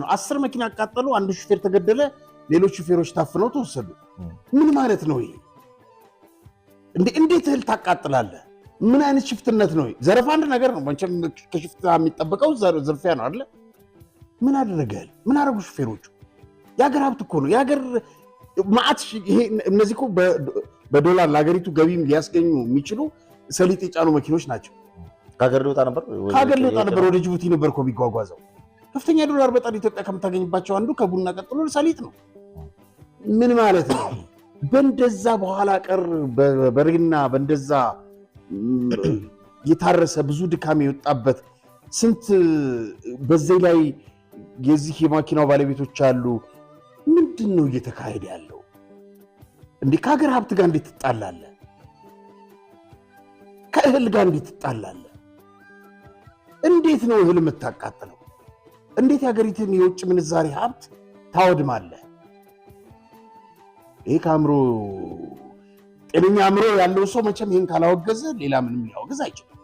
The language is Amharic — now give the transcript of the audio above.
ነው። አስር መኪና ያቃጠሉ፣ አንዱ ሹፌር ተገደለ፣ ሌሎች ሹፌሮች ታፍነው ተወሰዱ። ምን ማለት ነው ይሄ? እንዴት እህል ታቃጥላለህ? ምን አይነት ሽፍትነት ነው? ዘረፋ አንድ ነገር ነው። መቼም ከሽፍት የሚጠበቀው ዝርፊያ ነው አለ። ምን አደረገል? ምን አደረጉ ሹፌሮቹ? የሀገር ሀብት እኮ ነው። የሀገር ማአት። እነዚህ እኮ በዶላር ለሀገሪቱ ገቢ ሊያስገኙ የሚችሉ ሰሊጥ የጫኑ መኪኖች ናቸው። ከሀገር ሊወጣ ነበር፣ ከሀገር ሊወጣ ነበር። ወደ ጅቡቲ ነበር እኮ የሚጓጓዘው። ከፍተኛ ዶላር በጣል ኢትዮጵያ ከምታገኝባቸው አንዱ ከቡና ቀጥሎ ሰሊጥ ነው። ምን ማለት ነው? በእንደዛ በኋላ ቀር በሬና በእንደዛ የታረሰ ብዙ ድካም የወጣበት ስንት በዚህ ላይ የዚህ የማኪናው ባለቤቶች አሉ። ምንድን ነው እየተካሄደ ያለው? እንዲህ ከሀገር ሀብት ጋር እንዴት ትጣላለ? ከእህል ጋር እንዴት ትጣላለህ? እንዴት ነው እህል የምታቃጥለው? እንዴት የሀገሪቱን የውጭ ምንዛሬ ሀብት ታወድማለህ? ይህ ከአእምሮ ጤነኛ አእምሮ ያለው ሰው መቼም ይህን ካላወገዘ ሌላ ምንም ሊያወገዝ አይችልም።